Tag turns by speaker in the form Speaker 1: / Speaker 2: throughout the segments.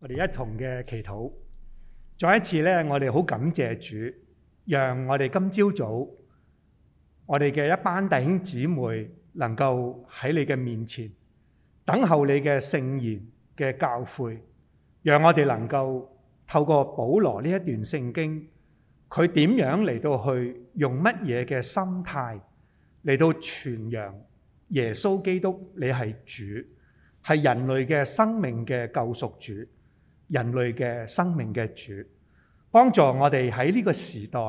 Speaker 1: 我哋一同嘅祈禱，再一次咧，我哋好感謝主，讓我哋今朝早早，我哋嘅一班弟兄姊妹能夠喺你嘅面前等候你嘅聖言嘅教誨，讓我哋能夠透過保羅呢一段聖經，佢點樣嚟到去用乜嘢嘅心態嚟到傳揚耶穌基督，你係主，係人類嘅生命嘅救贖主。人類嘅生命嘅主，幫助我哋喺呢個時代，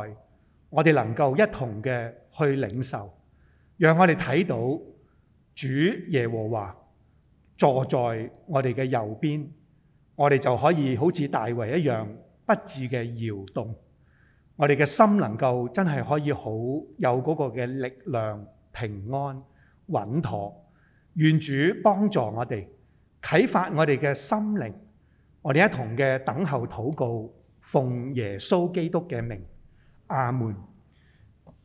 Speaker 1: 我哋能夠一同嘅去領受，讓我哋睇到主，耶和華，坐在我哋嘅右邊，我哋就可以好似大衛一樣不至嘅搖動，我哋嘅心能夠真係可以好有嗰個嘅力量、平安、穩妥，願主幫助我哋啟發我哋嘅心靈，我哋一同嘅等候禱告，奉耶穌基督嘅名，阿門。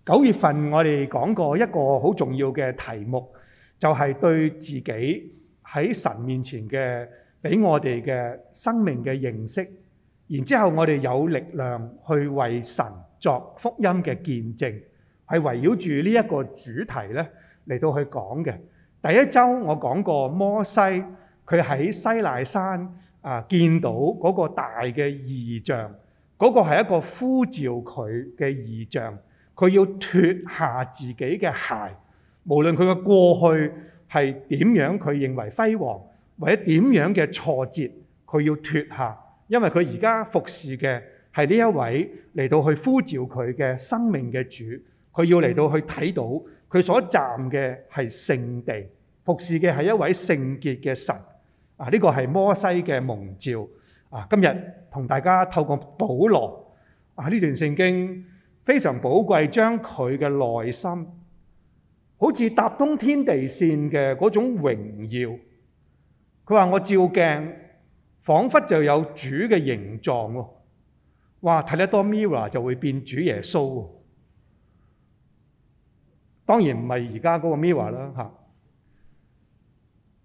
Speaker 1: 九月份我哋講過一個好重要嘅題目，就係對自己喺神面前嘅，俾我哋嘅生命嘅認識，然之後我哋有力量去為神作福音嘅見證，係圍繞住呢一個主題呢嚟到去講嘅。第一周我講過摩西，佢喺西乃山。啊！見到嗰個大嘅異象，嗰、嗰個係一個呼召佢嘅異象，佢要脫下自己嘅鞋，無論佢嘅過去係點樣，佢認為輝煌或者點樣嘅挫折，佢要脫下，因為佢而家服侍嘅係呢一位嚟到去呼召佢嘅生命嘅主，佢要嚟到去睇到佢所站嘅係聖地，服侍嘅係一位聖潔嘅神。啊！呢、這個係摩西嘅夢兆。啊，今日同大家透過保羅啊呢段聖經非常寶貴，將佢嘅內心好似搭通天地線嘅嗰種榮耀。佢話：我照鏡，仿佛就有主嘅形狀喎。哇！睇得多 mirror 就會變主耶穌。當然唔係而家嗰個 mirror 啦，啊，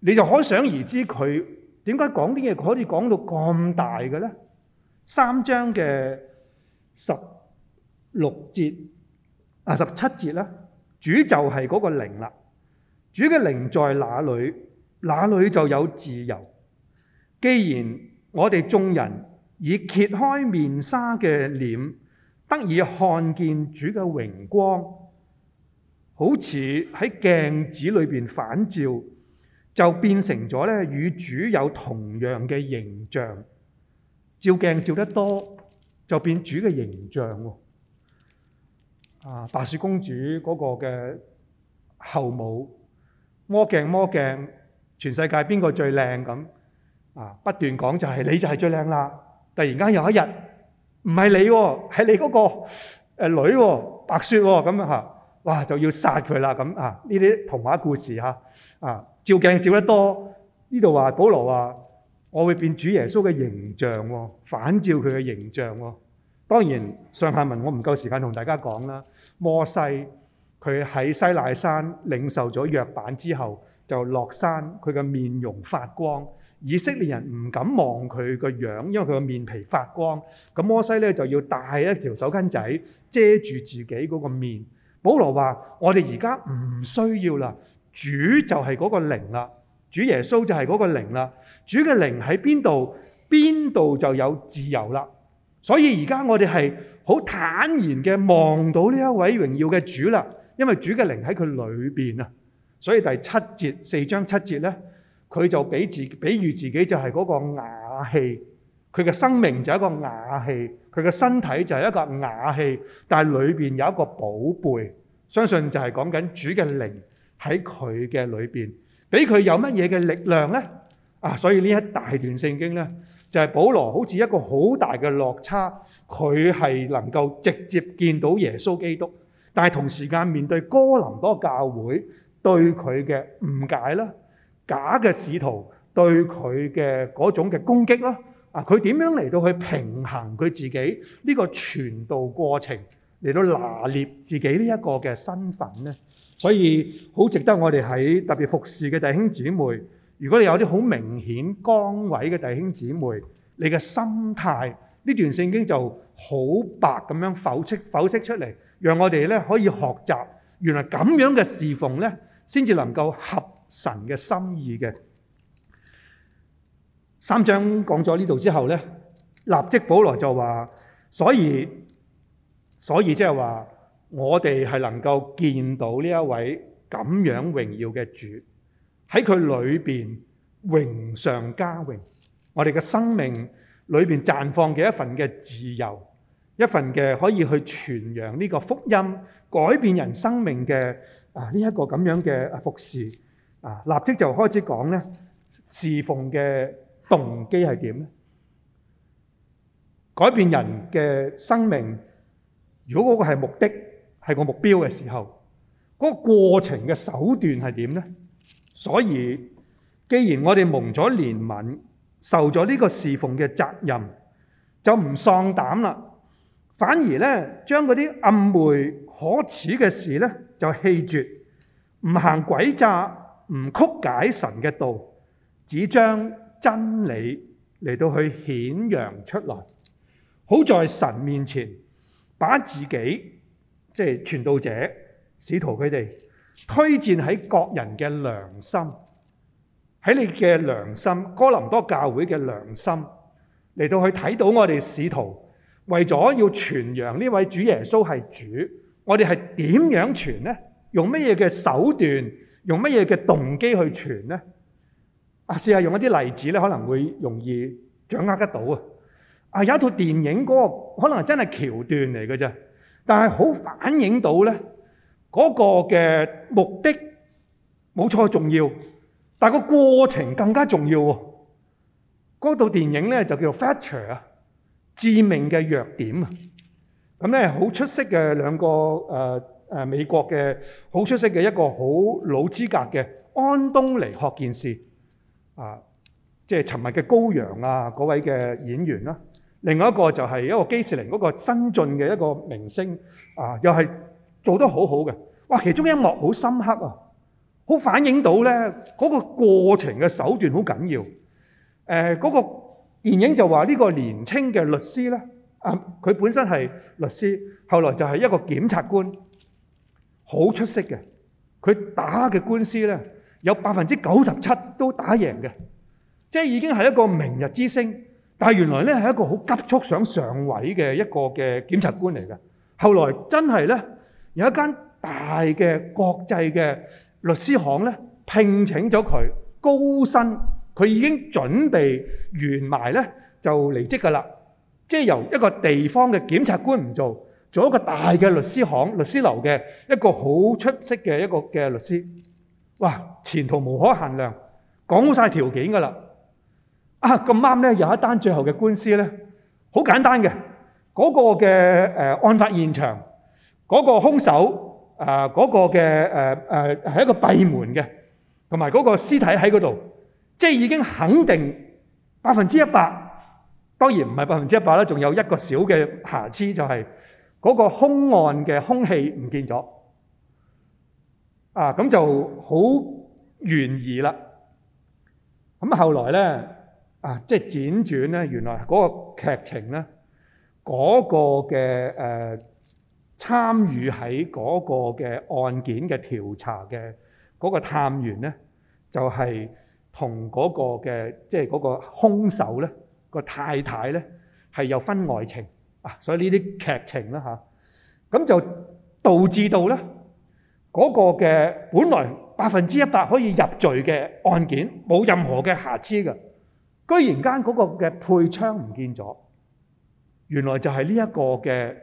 Speaker 1: 你就可想而知佢點解講啲嘢可以講到咁大嘅咧？三章嘅十六節啊，十七節呢，主就係嗰個靈啦。主嘅靈在哪裏？哪裏就有自由。既然我哋眾人以揭開面紗嘅臉得以看見主嘅榮光，好似喺鏡子裏面反照。就變成咗咧，與主有同樣嘅形象。照鏡照得多，就變主嘅形象喎。啊，白雪公主嗰個嘅後母，魔鏡魔鏡，全世界邊個最靚咁？啊，不斷講就係你就係最靚啦。突然間有一日，唔係你喎，係你嗰個女喎，白雪喎，咁啊嚇。哇！就要殺佢啦咁啊！呢啲童話故事嚇啊！照鏡照得多呢度話，保羅話：我會變主耶穌嘅形象喎，反照佢嘅形象喎。當然上下文我唔夠時間同大家講啦。摩西佢喺西奈山領受咗約版之後，就落山，佢嘅面容發光，以色列人唔敢望佢個樣，因為佢個面皮發光。咁摩西咧就要戴一條手巾仔遮住自己嗰個面。保羅話：我哋而家唔需要啦，主就係嗰個靈啦，主耶穌就係嗰個靈啦，主嘅靈喺邊度，邊度就有自由啦。所以而家我哋係好坦然嘅，望到呢一位榮耀嘅主啦，因為主嘅靈喺佢裏邊啊。所以第七節，四章七節呢，佢就比自比喻自己就係嗰個瓦器。佢嘅生命就係一個瓦器，佢嘅身體就係一個瓦器，但係裏邊有一個寶貝，相信就係講緊主嘅靈喺佢嘅裏邊，俾佢有乜嘢嘅力量呢？啊！所以呢一大段聖經呢，就係保羅好似一個好大嘅落差，佢係能夠直接見到耶穌基督，但係同時間面對哥林多教會對佢嘅誤解啦、假嘅使徒對佢嘅嗰種嘅攻擊啦。啊！佢點樣嚟到去平衡佢自己呢個傳道過程，嚟到拿捏自己呢一個嘅身份呢？所以好值得我哋喺特別服侍嘅弟兄姊妹，如果你有啲好明顯崗位嘅弟兄姊妹，你嘅心態呢段聖經就好白咁樣剖析剖析出嚟，讓我哋咧可以學習原來咁樣嘅侍奉呢，先至能夠合神嘅心意嘅。三章講咗呢度之後呢，立即保羅就話：所以，所以即係話，我哋係能夠見到呢一位咁樣榮耀嘅主，喺佢裏邊榮上加榮。我哋嘅生命裏邊綻放嘅一份嘅自由，一份嘅可以去傳揚呢個福音，改變人生命嘅啊呢一個咁樣嘅服侍。啊，立即就開始講呢侍奉嘅。動機係點咧？改變人嘅生命，如果嗰個係目的係個目標嘅時候，嗰個過程嘅手段係點咧？所以，既然我哋蒙咗憐憫，受咗呢個侍奉嘅責任，就唔喪膽啦，反而咧將嗰啲暗昧可恥嘅事咧就棄絕，唔行詭詐，唔曲解神嘅道，只將。真理嚟到去顯揚出來，好在神面前，把自己即係傳道者使徒佢哋推薦喺各人嘅良心，喺你嘅良心，哥林多教會嘅良心嚟到去睇到我哋使徒為咗要傳揚呢位主耶穌係主，我哋係點樣傳呢？用乜嘢嘅手段，用乜嘢嘅動機去傳呢？啊，試下用一啲例子咧，可能會容易掌握得到啊！啊，有一套電影嗰、那個可能真係橋段嚟嘅啫，但係好反映到咧嗰個嘅目的冇錯重要，但係個過程更加重要喎。嗰套電影咧就叫做《Fracture》啊，《致命嘅弱點》啊。咁咧好出色嘅兩個誒、呃、美國嘅好出色嘅一個好老資格嘅安東尼學件事。啊，即係沉默嘅羔羊啊，嗰位嘅演員啦、啊。另外一個就係一個基士林嗰個新晉嘅一個明星啊，又係做得好好嘅。哇，其中一幕好深刻啊，好反映到咧嗰、嗰個過程嘅手段好緊要。誒，嗰個電影就話呢個年青嘅律師咧，啊，佢、嗰個啊、本身係律師，後來就係一個檢察官，好出色嘅。佢打嘅官司咧。有百分之九十七都打贏嘅，即係已經係一個明日之星。但原來呢係一個好急速想上位嘅一個嘅檢察官嚟嘅。後來真係呢，有一間大嘅國際嘅律師行呢，聘請咗佢高薪。佢已經準備完埋呢就離職㗎啦。即係由一個地方嘅檢察官唔做，做一個大嘅律師行、律師樓嘅一個好出色嘅一個嘅律師。哇！前途無可限量，講好晒條件㗎啦！啊咁啱咧，有一單最後嘅官司咧，好簡單嘅。嗰個嘅誒、呃、案發現場，嗰個兇手啊，嗰個嘅誒係一個閉門嘅，同埋嗰個屍體喺嗰度，即係已經肯定百分之一百。當然唔係百分之一百啦，仲有一個小嘅瑕疵，就係嗰個凶案嘅空氣唔見咗。啊，咁就好懸疑啦。咁後來咧，啊，即係輾轉咧，原來嗰個劇情咧，嗰個嘅誒參與喺嗰個嘅案件嘅調查嘅嗰個探員咧，就係同嗰個嘅即係嗰個兇手咧個太太咧係有婚外情啊，所以呢啲劇情啦嚇，咁就導致到咧。嗰個嘅本來百分之一百可以入罪嘅案件，冇任何嘅瑕疵嘅，居然間嗰個嘅配槍唔見咗，原來就係呢一個嘅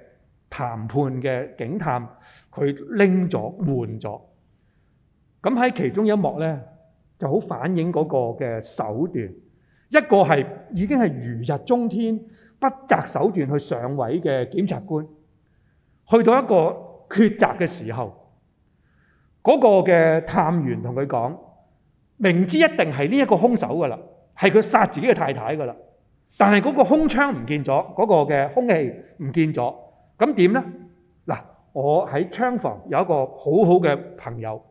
Speaker 1: 談判嘅警探佢拎咗換咗。咁喺其中一幕呢，就好反映嗰個嘅手段。一個係已經係如日中天、不擇手段去上位嘅檢察官，去到一個抉擇嘅時候。嗰個嘅探員同佢講，明知一定係呢一個兇手㗎啦，係佢殺自己嘅太太㗎啦。但係嗰個空槍唔見咗，嗰個嘅空氣唔見咗，咁點呢？嗱，我喺槍房有一個好好嘅朋友，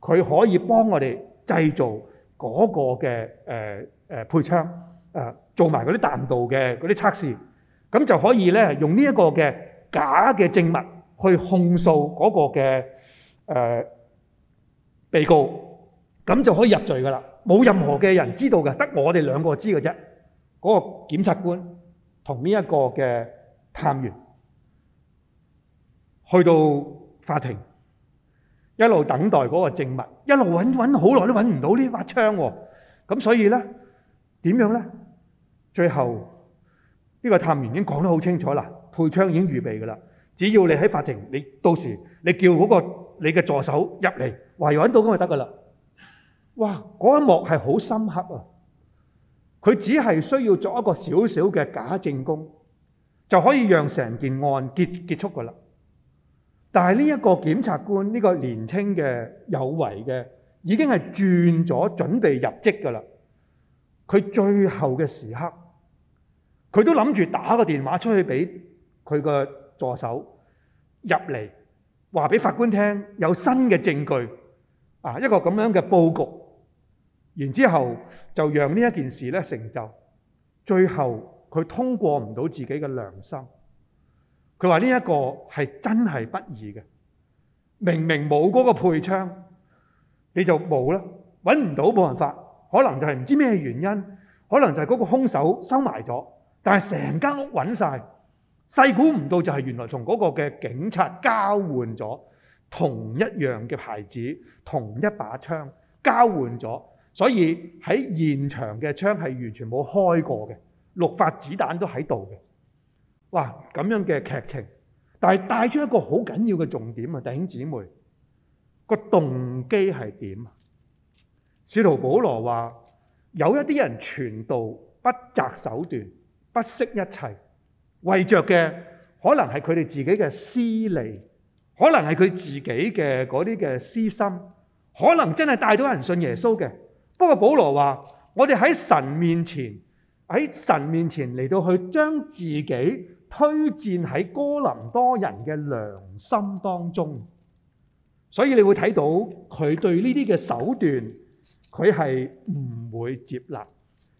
Speaker 1: 佢可以幫我哋製造嗰個嘅誒誒配槍，誒、呃、做埋嗰啲彈道嘅嗰啲測試，咁就可以咧用呢一個嘅假嘅證物去控訴嗰個嘅誒，呃被告咁就可以入罪噶啦，冇任何嘅人知道嘅，只得我哋兩個知嘅啫。嗰個檢察官同呢一個嘅探員去到法庭，一路等待嗰個證物，一路揾揾好耐都揾唔到呢把槍喎。咁所以呢，點樣呢？最後呢個探員已經講得好清楚啦，配槍已經預備噶啦。只要你喺法庭，你到時你叫嗰個你嘅助手入嚟，話要揾到咁就得噶啦。哇，嗰一幕係好深刻啊！佢只係需要作一個小小嘅假證供，就可以讓成件案結結束噶啦。但係呢一個檢察官，呢個年青嘅有為嘅，已經係轉咗準備入職噶啦。佢最後嘅時刻，佢都諗住打個電話出去俾佢嘅助手入嚟。話俾法官聽，有新嘅證據啊，一個咁樣嘅佈局，然之後就讓呢一件事咧成就，最後佢通過唔到自己嘅良心。佢話呢一個係真係不易嘅，明明冇嗰個配槍，你就冇啦，揾唔到冇辦法，可能就係唔知咩原因，可能就係嗰個兇手收埋咗，但係成間屋揾曬。細估唔到就係原來同嗰個嘅警察交換咗同一樣嘅牌子，同一把槍交換咗，所以喺現場嘅槍係完全冇開過嘅，六發子彈都喺度嘅。哇！咁樣嘅劇情，但係帶出一個好緊要嘅重點啊！弟兄姊妹，那個動機係點啊？使徒保羅話：有一啲人傳道不擇手段，不惜一切。為着嘅可能係佢哋自己嘅私利，可能係佢自己嘅嗰啲嘅私心，可能真係帶咗人信耶穌嘅。不過保羅話：我哋喺神面前，喺神面前嚟,到去將自己推薦喺哥林多人嘅良心當中。所以你會睇到佢對呢啲嘅手段，佢係唔會接納，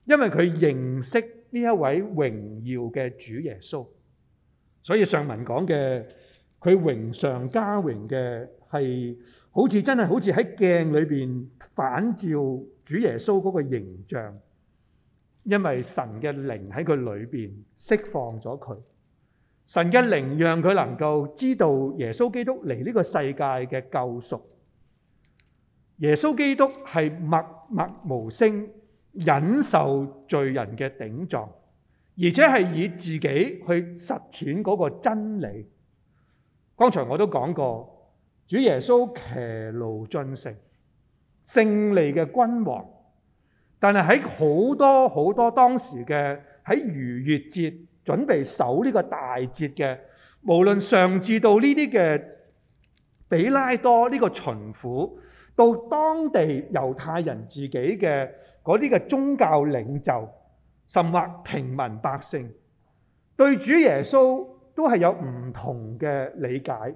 Speaker 1: 因為佢認識。呢一位榮耀嘅主耶穌，所以上文講嘅佢榮上加榮嘅係，好似真係好似喺鏡裏邊反照主耶穌嗰個形象，因為神嘅靈喺佢裏邊釋放咗佢，神嘅靈讓佢能夠知道耶穌基督嚟呢個世界嘅救贖，耶穌基督係默默無聲。忍受罪人嘅頂撞，而且係以自己去實踐嗰個真理。剛才我都講過，主耶穌騎驢進城，勝利嘅君王。但係喺好多好多當時嘅喺逾越節準備守呢個大節嘅，無論上至到呢啲嘅彼拉多呢個巡撫。到當地猶太人自己嘅嗰啲嘅宗教領袖，甚或平民百姓，對主耶穌都係有唔同嘅理解，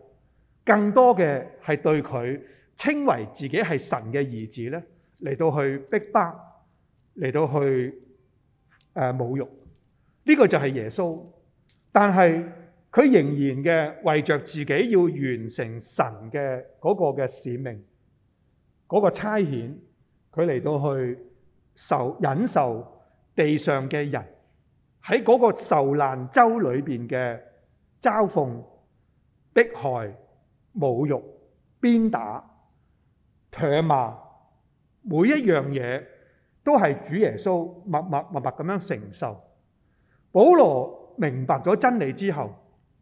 Speaker 1: 更多嘅係對佢稱為自己係神嘅兒子咧，嚟到去逼迫，嚟到去誒侮辱，呢、這個就係耶穌。但係佢仍然嘅為着自己要完成神嘅嗰個嘅使命。嗰個差遣，佢嚟到去受忍受地上嘅人喺嗰個受難周裏面嘅嘲諷、迫害、侮辱、鞭打、唾罵，每一樣嘢都係主耶穌默默默默咁樣承受。保羅明白咗真理之後，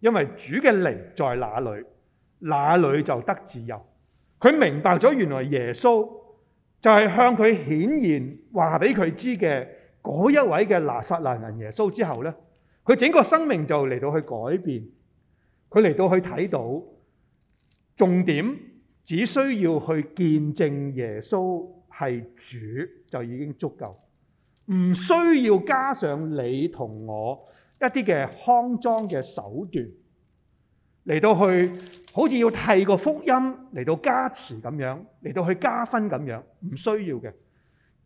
Speaker 1: 因為主嘅靈在哪裡，哪裡就得自由。佢明白咗，原來耶穌就係向佢顯現話俾佢知嘅嗰一位嘅拿撒勒人耶穌之後呢，佢整個生命就嚟到去改變，佢嚟到去睇到重點，只需要去見證耶穌係主就已經足夠，唔需要加上你同我一啲嘅康莊嘅手段嚟到去。好似要替個福音嚟到加持咁樣，嚟到去加分咁樣，唔需要嘅。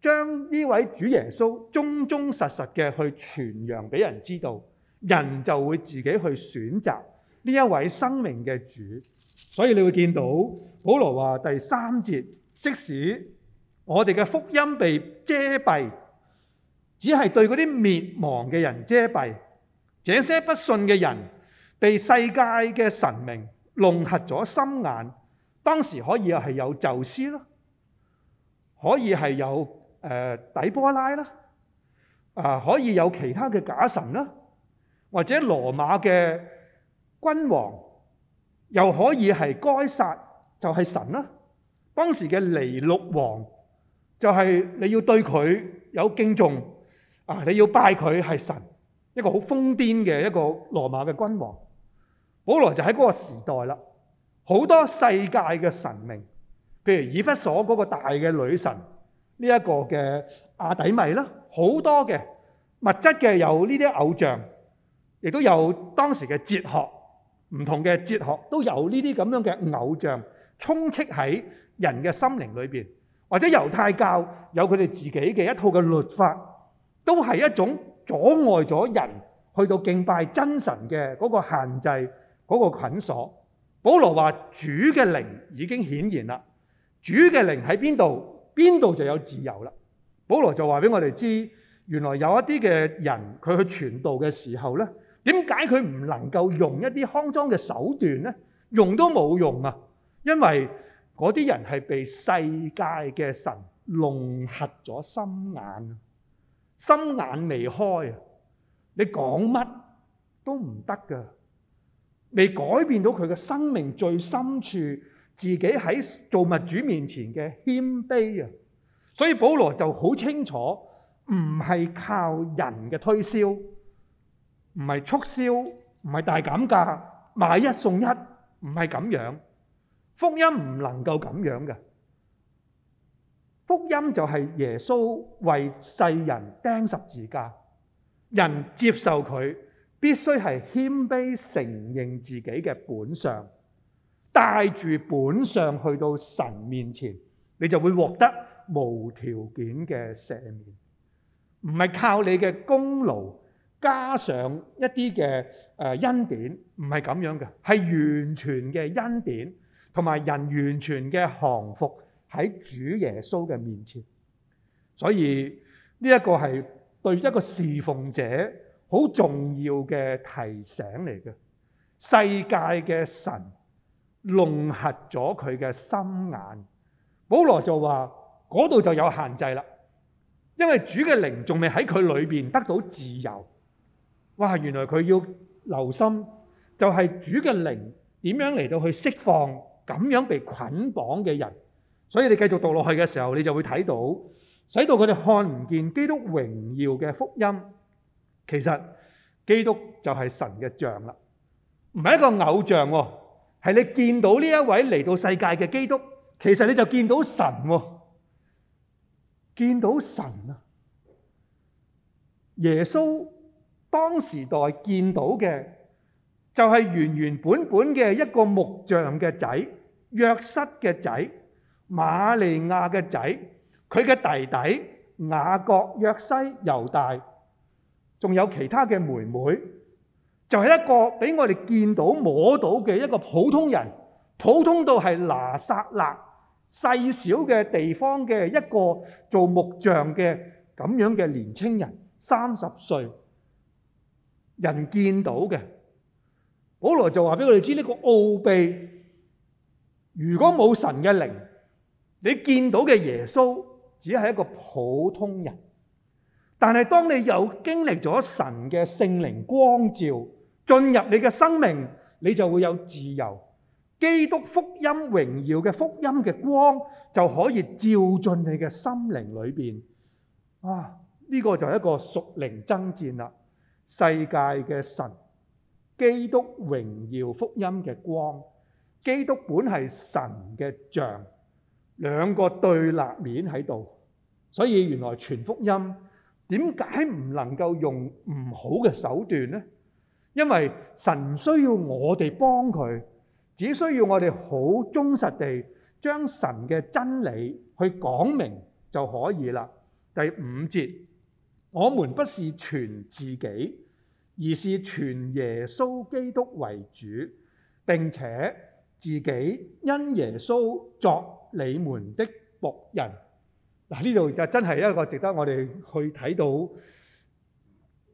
Speaker 1: 將呢位主耶穌忠忠實實嘅去傳揚俾人知道，人就會自己去選擇呢一位生命嘅主。所以你會見到保羅話第三節，即使我哋嘅福音被遮蔽，只係對嗰啲滅亡嘅人遮蔽，這些不信嘅人被世界嘅神明。弄瞎咗心眼，當時可以係有宙斯啦，可以係有誒底波拉啦，啊可以有其他嘅假神啦，或者羅馬嘅君王，又可以係該撒就係神啦。當時嘅尼祿王就係你要對佢有敬重啊，你要拜佢係神，一個好瘋癲嘅一個羅馬嘅君王。保羅就喺嗰個時代啦，好多世界嘅神明，譬如以弗所嗰個大嘅女神呢一個嘅亞底米啦，好多嘅物質嘅有呢啲偶像，亦都有當時嘅哲學，唔同嘅哲學都有呢啲咁樣嘅偶像充斥喺人嘅心靈裏面，或者猶太教有佢哋自己嘅一套嘅律法，都係一種阻礙咗人去到敬拜真神嘅嗰個限制。嗰個捆鎖，保羅話主嘅靈已經顯現啦。主嘅靈喺邊度，邊度就有自由啦。保羅就話俾我哋知，原來有一啲嘅人佢去傳道嘅時候咧，點解佢唔能夠用一啲康莊嘅手段咧？用都冇用啊！因為嗰啲人係被世界嘅神弄瞎咗心眼，心眼未開啊！你講乜都唔得㗎。未改變到佢嘅生命最深處，自己喺造物主面前嘅謙卑啊！所以保羅就好清楚，唔係靠人嘅推銷，唔係促銷，唔係大減價、買一送一，唔係咁樣。福音唔能夠咁樣嘅，福音就係耶穌為世人釘十字架，人接受佢。必須係謙卑承認自己嘅本相，帶住本相去到神面前，你就會獲得無條件嘅赦免，唔係靠你嘅功勞加上一啲嘅誒恩典，唔係咁樣嘅，係完全嘅恩典同埋人完全嘅降服喺主耶穌嘅面前。所以呢一個係對一個侍奉者。好重要嘅提醒嚟嘅，世界嘅神弄瞎咗佢嘅心眼，保羅就話嗰度就有限制啦，因為主嘅靈仲未喺佢裏邊得到自由。哇，原來佢要留心，就係主嘅靈點樣嚟到去釋放咁樣被捆綁嘅人，所以你繼續讀落去嘅時候，你就會睇到，使到佢哋看唔見基督榮耀嘅福音。其實基督就係神嘅像啦，唔係一個偶像喎，係你見到呢一位嚟到世界嘅基督，其實你就見到神喎，見到神啊！耶穌當時代見到嘅就係原原本本嘅一個木像嘅仔，約瑟嘅仔，瑪利亞嘅仔，佢嘅弟弟雅各、約西、猶大。仲有其他嘅妹妹，就係、是、一個俾我哋見到摸到嘅一個普通人，普通到係拿撒勒細小嘅地方嘅一個做木匠嘅咁樣嘅年青人，三十歲人見到嘅，保羅就話俾我哋知呢個奧秘：如果冇神嘅靈，你見到嘅耶穌只係一個普通人。但係當你有經歷咗神嘅聖靈光照進入你嘅生命，你就會有自由。基督福音榮耀嘅福音嘅光就可以照進你嘅心靈裏邊。啊，呢、這個就係一個屬靈爭戰啦。世界嘅神，基督榮耀福音嘅光，基督本係神嘅像，兩個對立面喺度。所以原來全福音。點解唔能夠用唔好嘅手段呢？因為神需要我哋幫佢，只需要我哋好忠實地將神嘅真理去講明就可以啦。第五節，我們不是傳自己，而是傳耶穌基督為主，並且自己因耶穌作你們的僕人。嗱，呢度就真係一個值得我哋去睇到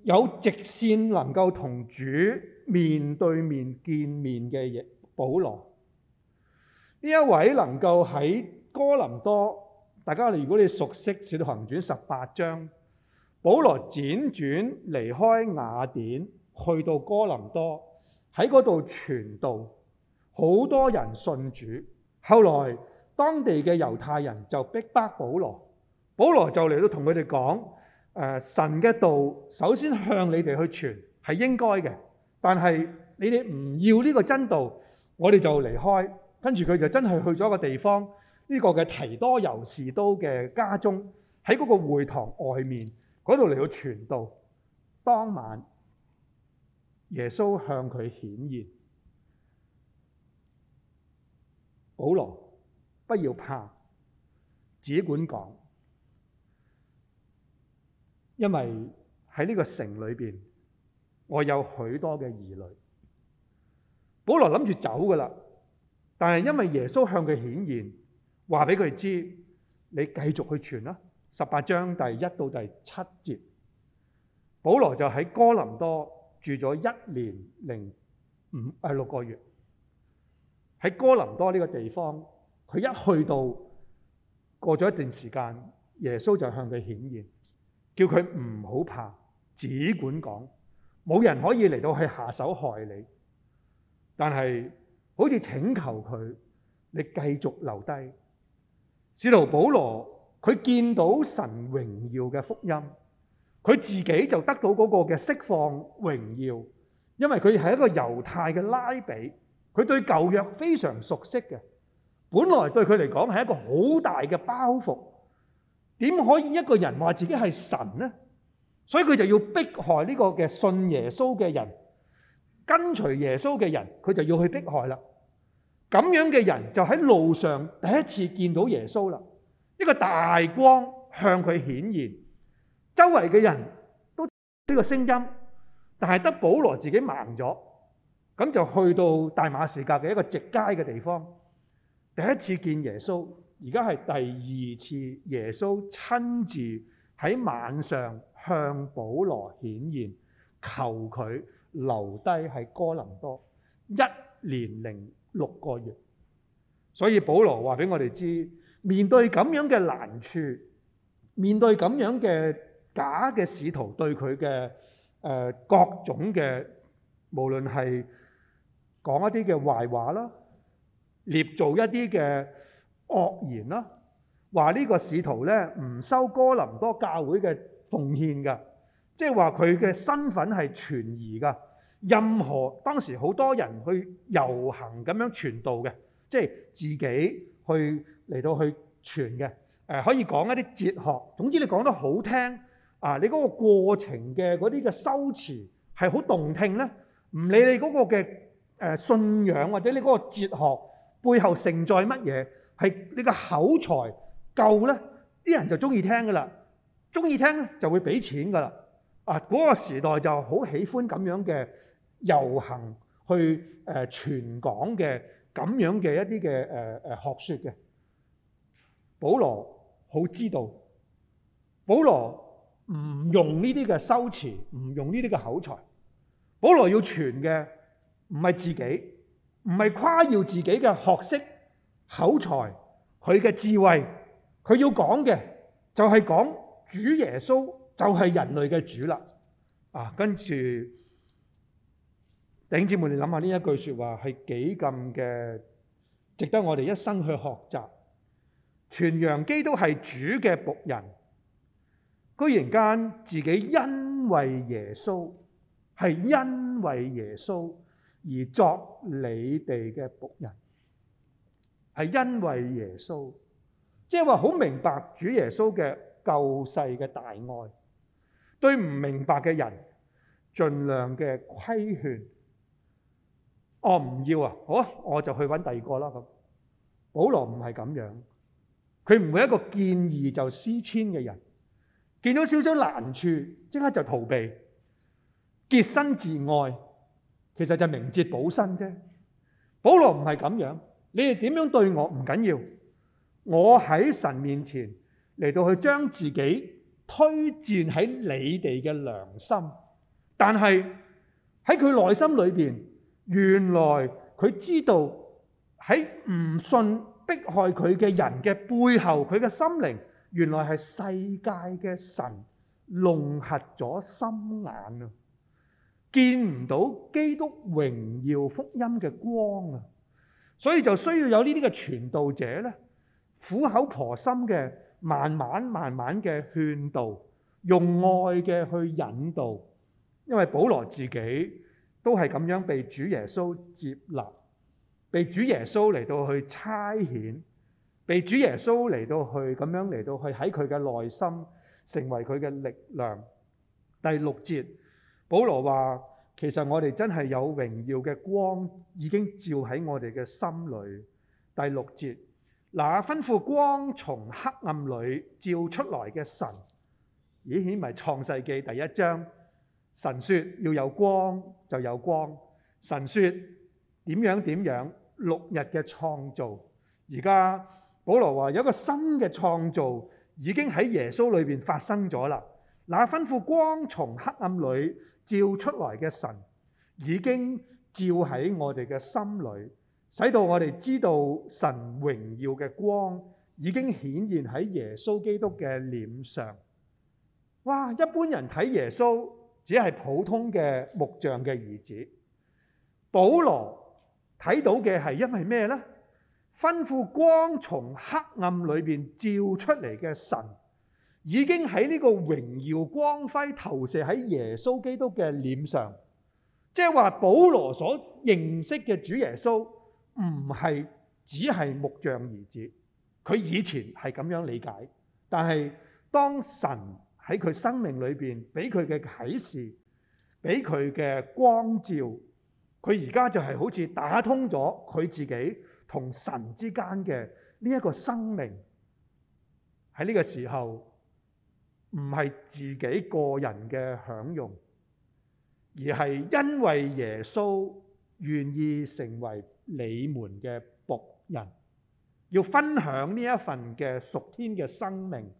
Speaker 1: 有直線能夠同主面對面見面嘅嘢。保羅呢一位能夠喺哥林多，大家如果你熟悉《使徒行傳》十八章，保羅輾轉離開雅典，去到哥林多，喺嗰度傳道，好多人信主。後來當地嘅猶太人就逼迫保羅。保羅就嚟到同佢哋講：，誒、呃，神嘅道首先向你哋去傳係應該嘅，但係你哋唔要呢個真道，我哋就離開。跟住佢就真係去咗一個地方，呢、這個嘅提多猶士都嘅家中，喺嗰個會堂外面嗰度嚟到傳道。當晚耶穌向佢顯現，保羅，不要怕，只管講。因為喺呢個城裏邊，我有許多嘅疑慮。保羅諗住走噶啦，但係因為耶穌向佢顯現，話俾佢知，你繼續去傳啦。十八章第一到第七節，保羅就喺哥林多住咗一年零五誒六個月。喺哥林多呢個地方，佢一去到，過咗一段時間，耶穌就向佢顯現。叫佢唔好怕，只管講，冇人可以嚟到去下手害你。但係好似請求佢，你繼續留低。使徒保羅，佢見到神榮耀嘅福音，佢自己就得到嗰個嘅釋放榮耀，因為佢係一個猶太嘅拉比，佢對舊約非常熟悉嘅，本來對佢嚟講係一個好大嘅包袱。點可以一個人話自己係神呢？所以佢就要迫害呢個嘅信耶穌嘅人，跟隨耶穌嘅人，佢就要去迫害啦。咁樣嘅人就喺路上第一次見到耶穌啦，一個大光向佢顯現，周圍嘅人都聽到呢個聲音，但係得保羅自己盲咗，咁就去到大馬士革嘅一個直街嘅地方，第一次見耶穌。而家係第二次耶穌親自喺晚上向保羅顯現，求佢留低喺哥林多一年零六個月。所以保羅話俾我哋知，面對咁樣嘅難處，面對咁樣嘅假嘅使徒對佢嘅誒各種嘅，無論係講一啲嘅壞話啦，捏造一啲嘅。愕然啦，話呢個使徒咧唔收哥林多教會嘅奉獻嘅，即係話佢嘅身份係存疑噶。任何當時好多人去遊行咁樣傳道嘅，即係自己去嚟到去傳嘅。誒、呃、可以講一啲哲學，總之你講得好聽啊！你嗰個過程嘅嗰啲嘅修辭係好動聽咧，唔理你嗰個嘅誒信仰或者你嗰個哲學背後盛載乜嘢。係你個口才夠咧，啲人就中意聽噶啦，中意聽咧就會俾錢噶啦。啊，嗰個時代就好喜歡咁樣嘅遊行去誒、呃、傳講嘅咁樣嘅一啲嘅誒誒學説嘅。保羅好知道，保羅唔用呢啲嘅修辭，唔用呢啲嘅口才。保羅要傳嘅唔係自己，唔係誇耀自己嘅學識。口才，佢嘅智慧，佢要講嘅就係、是、講主耶穌就係、是、人類嘅主啦。啊，跟住頂姐妹，你諗下呢一句說話係幾咁嘅，值得我哋一生去學習。傳揚基督係主嘅僕人，居然間自己因為耶穌，係因為耶穌而作你哋嘅僕人。係因為耶穌，即係話好明白主耶穌嘅救世嘅大愛。對唔明白嘅人，盡量嘅規勸。哦，唔要啊，好啊，我就去揾第二個啦。咁保羅唔係咁樣，佢唔會一個見異就思遷嘅人，見到少少難處即刻就逃避，潔身自愛，其實就明哲保身啫。保羅唔係咁樣。你哋點樣對我唔緊要，我喺神面前嚟到去將自己推薦喺你哋嘅良心，但係喺佢內心裡面，原來佢知道喺唔信迫害佢嘅人嘅背後，佢嘅心靈原來係世界嘅神弄瞎咗心眼啊，見唔到基督榮耀福音嘅光啊！所以就需要有呢啲嘅傳道者咧，苦口婆心嘅，慢慢慢慢嘅勸導，用愛嘅去引導。因為保羅自己都係咁樣被主耶穌接納，被主耶穌嚟到去差遣，被主耶穌嚟到去咁樣嚟到去喺佢嘅內心成為佢嘅力量。第六節，保羅話。其實我哋真係有榮耀嘅光已經照喺我哋嘅心裏。第六節，那吩咐光從黑暗裏照出來嘅神，已顯係創世記第一章。神說要有光，就有光。神說點樣點樣，六日嘅創造。而家保羅話有一個新嘅創造已經喺耶穌裏邊發生咗啦。那吩咐光從黑暗裏。照出來嘅神已經照喺我哋嘅心裏，使到我哋知道神榮耀嘅光已經顯現喺耶穌基督嘅臉上。哇！一般人睇耶穌只係普通嘅木匠嘅兒子，保羅睇到嘅係因為咩呢？吩咐光從黑暗裏邊照出嚟嘅神。已經喺呢個榮耀光輝投射喺耶穌基督嘅臉上，即係話保羅所認識嘅主耶穌，唔係只係木匠而止。佢以前係咁樣理解，但係當神喺佢生命裏邊俾佢嘅啟示，俾佢嘅光照，佢而家就係好似打通咗佢自己同神之間嘅呢一個生命。喺呢個時候。唔係自己個人嘅享用，而係因為耶穌願意成為你們嘅僕人，要分享呢一份嘅屬天嘅生命。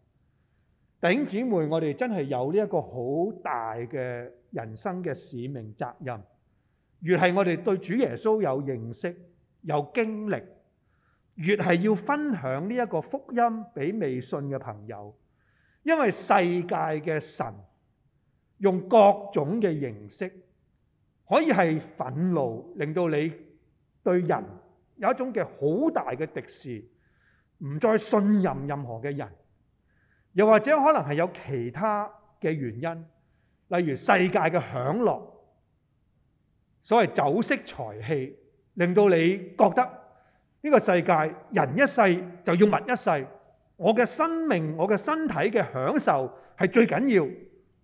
Speaker 1: 弟兄姊妹，我哋真係有呢一個好大嘅人生嘅使命責任。越係我哋對主耶穌有認識、有經歷，越係要分享呢一個福音俾未信嘅朋友。因為世界嘅神用各種嘅形式，可以係憤怒，令到你對人有一種嘅好大嘅敵視，唔再信任任何嘅人，又或者可能係有其他嘅原因，例如世界嘅享樂，所謂酒色財氣，令到你覺得呢個世界，人一世就要物一世。我嘅生命、我嘅身體嘅享受係最緊要，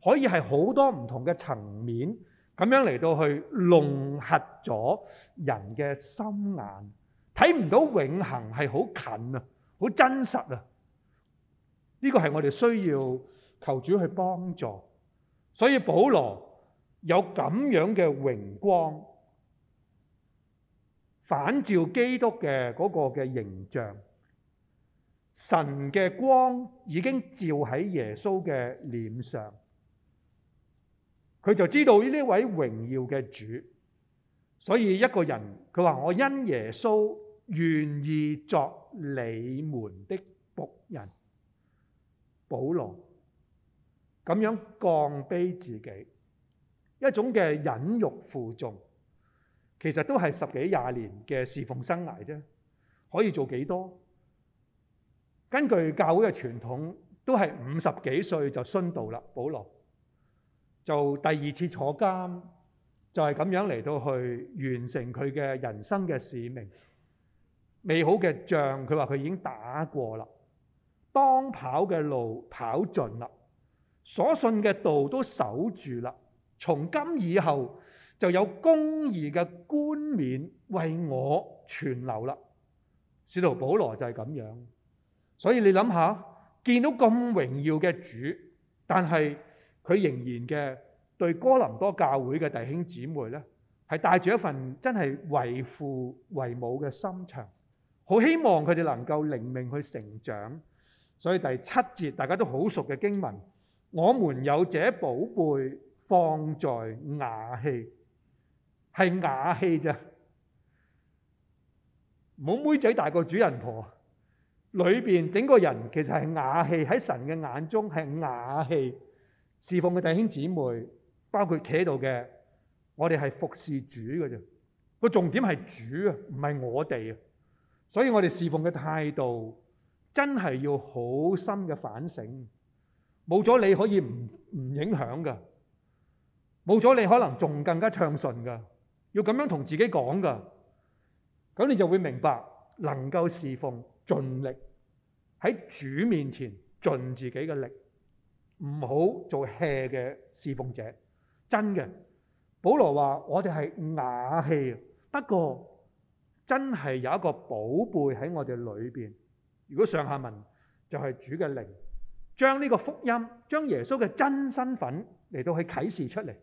Speaker 1: 可以係好多唔同嘅層面咁樣嚟到去弄瞎咗人嘅心眼，睇唔到永恆係好近啊，好真實啊！呢、這個係我哋需要求主去幫助，所以保羅有咁樣嘅榮光反照基督嘅嗰個嘅形象。神嘅光已經照喺耶穌嘅臉上，佢就知道呢位榮耀嘅主，所以一個人佢話：我因耶穌願意作你們的僕人，保羅咁樣降卑自己，一種嘅忍辱負重，其實都係十幾廿年嘅侍奉生涯啫，可以做幾多？根據教會嘅傳統，都係五十幾歲就殉道啦。保羅就第二次坐監，就係咁樣嚟到去完成佢嘅人生嘅使命。美好嘅仗，佢話佢已經打過啦。當跑嘅路跑盡啦，所信嘅道都守住啦。從今以後就有公義嘅冠冕為我存留啦。使徒保羅就係咁樣。所以你諗下，見到咁榮耀嘅主，但係佢仍然嘅對哥林多教會嘅弟兄姊妹咧，係帶住一份真係為父為母嘅心腸，好希望佢哋能夠靈命去成長。所以第七節大家都好熟嘅經文，我們有這寶貝放在瓦器，係瓦器啫，冇妹仔大過主人婆。裏邊整個人其實係瓦器，喺神嘅眼中係瓦器。侍奉嘅弟兄姊妹，包括企喺度嘅，我哋係服侍主嘅啫。個重點係主啊，唔係我哋啊。所以我哋侍奉嘅態度真係要好深嘅反省。冇咗你可以唔唔影響噶，冇咗你可能仲更加暢順噶。要咁樣同自己講噶，咁你就會明白能夠侍奉。盡力喺主面前盡自己嘅力，唔好做戲嘅侍奉者。真嘅，保羅話：我哋係瓦器，不過真係有一個寶貝喺我哋裏面。如果上下文就係、是、主嘅靈，將呢個福音、將耶穌嘅真身份嚟到去啟示出嚟。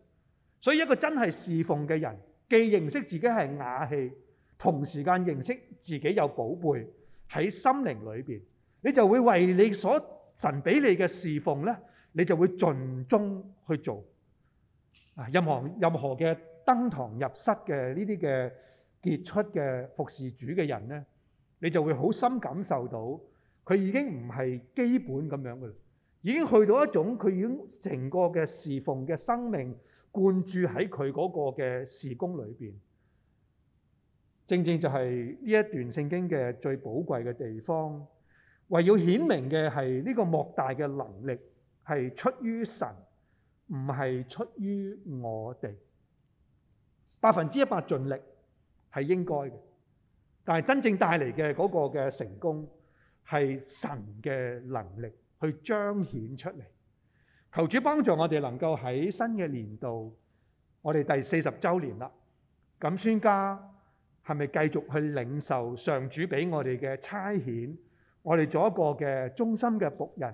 Speaker 1: 所以一個真係侍奉嘅人，既認識自己係瓦器，同時間認識自己有寶貝。喺心靈裏邊，你就會為你所神俾你嘅侍奉呢，你就會盡忠去做。啊，任何任何嘅登堂入室嘅呢啲嘅傑出嘅服侍主嘅人呢，你就會好深感受到佢已經唔係基本咁樣嘅喇，已經去到一種佢已經成個嘅侍奉嘅生命灌注喺佢嗰個嘅事工裏邊。正正就係呢一段聖經嘅最寶貴嘅地方，為要顯明嘅係呢個莫大嘅能力係出於神，唔係出於我哋。百分之一百盡力係應該嘅，但係真正帶嚟嘅嗰個嘅成功係神嘅能力去彰顯出嚟。求主幫助我哋能夠喺新嘅年度，我哋第四十週年啦。咁宣家。係咪繼續去領受上主俾我哋嘅差遣？我哋做一個嘅忠心嘅僕人，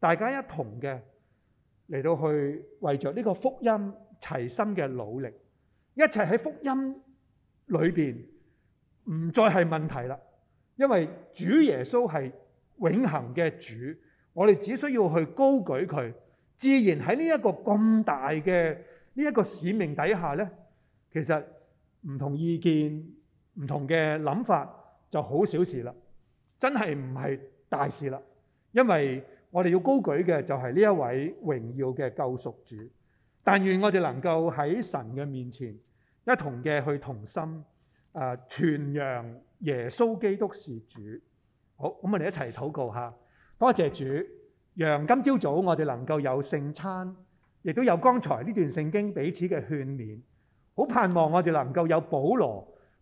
Speaker 1: 大家一同嘅嚟到去為着呢個福音齊心嘅努力，一切喺福音裏邊唔再係問題啦。因為主耶穌係永恆嘅主，我哋只需要去高舉佢。自然喺呢一個咁大嘅呢一個使命底下呢，其實唔同意見。唔同嘅諗法就好小事啦，真係唔係大事啦。因為我哋要高舉嘅就係呢一位榮耀嘅救贖主，但願我哋能夠喺神嘅面前一同嘅去同心啊，傳揚耶穌基督是主。好，咁我哋一齊禱告一下。多謝主，讓今朝早我哋能夠有聖餐，亦都有剛才呢段聖經彼此嘅勸勉。好盼望我哋能夠有保羅。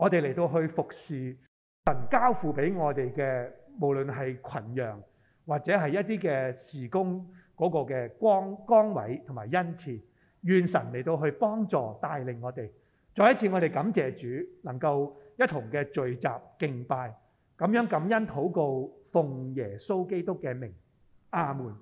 Speaker 1: 我哋嚟到去服侍神，交付俾我哋嘅，無論係羣羊或者係一啲嘅時工嗰個嘅崗崗位同埋恩賜，願神嚟到去幫助帶領我哋。再一次，我哋感謝主能夠一同嘅聚集敬拜，咁樣感恩禱告，奉耶穌基督嘅名，阿門。